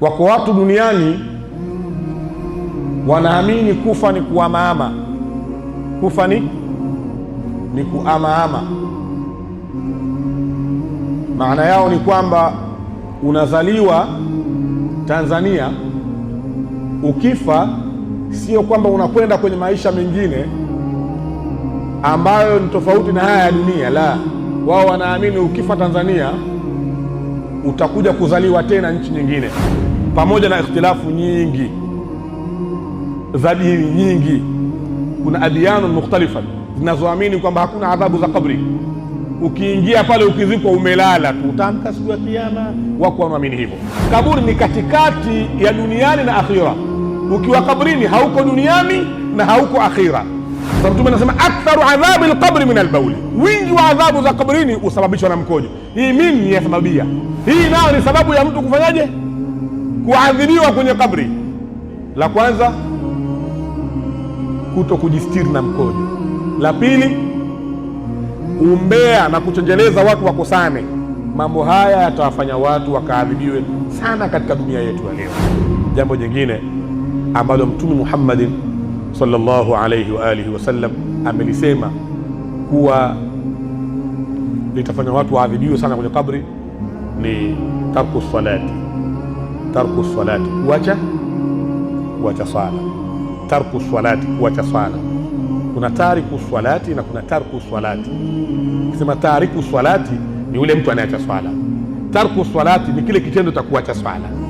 Wako watu duniani wanaamini kufa ni kuamaama, kufa ni ni kuamaama. Maana yao ni kwamba unazaliwa Tanzania, ukifa sio kwamba unakwenda kwenye maisha mengine ambayo ni tofauti na haya ya dunia. La, wao wanaamini ukifa Tanzania utakuja kuzaliwa tena nchi nyingine, pamoja na ikhtilafu nyingi za dini nyingi. Kuna adiyanu mukhtalifa zinazoamini kwamba hakuna adhabu za kabri. Ukiingia pale ukizikwa umelala tu, utaamka siku ya Kiyama. Wako wanaamini hivyo. Kaburi ni katikati ya duniani na akhira. Ukiwa kabrini hauko duniani na hauko akhira. Sasa Mtume anasema aktharu adhabi lqabri min albauli, wingi wa adhabu za kabrini husababishwa na mkojo. Hii mimi sababia, hii nayo ni sababu ya mtu kufanyaje? Kuadhibiwa kwenye kabri. La kwanza kuto kujistiri na mkojo. La pili umbea na kuchenjeleza watu wakosane. Mambo haya yatawafanya watu wakaadhibiwe sana katika dunia yetu ya leo. Jambo jingine ambalo Mtume Muhammadin sallallahu alaihi wa alihi wasallam amelisema kuwa litafanya watu waadhibiwe sana kwenye kabri ni tarku salati, tarku salati, kuacha kuacha sala, tarku salati, kuacha sala. Kuna tariku salati na kuna tarku salati. kisema tariku salati ni yule mtu anayeacha swala, tarku salati ni kile kitendo cha kuacha swala